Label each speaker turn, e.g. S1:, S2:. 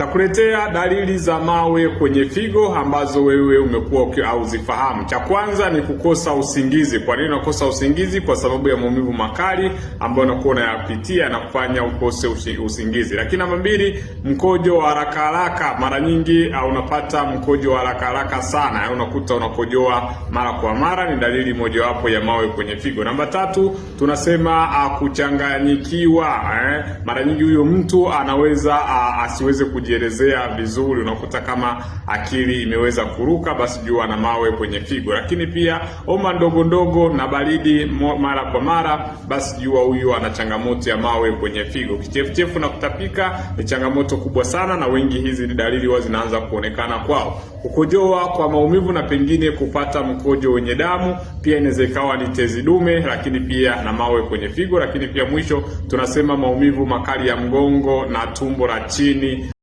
S1: Takuletea dalili za mawe kwenye figo ambazo wewe umekuwa hauzifahamu. Cha kwanza ni kukosa usingizi. Kwa nini unakosa usingizi? Kwa sababu ya maumivu makali ambayo unakuwa unayapitia na kufanya ukose usingizi. Lakini namba mbili, mkojo wa haraka haraka. Mara nyingi uh, unapata mkojo wa haraka haraka sana, eh, unakuta unakojoa mara kwa mara, ni dalili mojawapo ya mawe kwenye figo. Namba tatu, tunasema uh, kuchanganyikiwa. Eh, mara nyingi huyo mtu anaweza uh, asiweze kuji kujielezea vizuri, unakuta kama akili imeweza kuruka, basi jua na mawe kwenye figo. Lakini pia homa ndogo ndogo na baridi mara kwa mara, basi jua huyu ana changamoto ya mawe kwenye figo. Kichefuchefu na kutapika ni changamoto kubwa sana, na wengi hizi ni dalili huwa zinaanza kuonekana kwao. Kukojoa kwa maumivu na pengine kupata mkojo wenye damu, pia inaweza ikawa ni tezi dume, lakini pia na mawe kwenye figo. Lakini pia mwisho tunasema maumivu makali ya mgongo na tumbo la chini.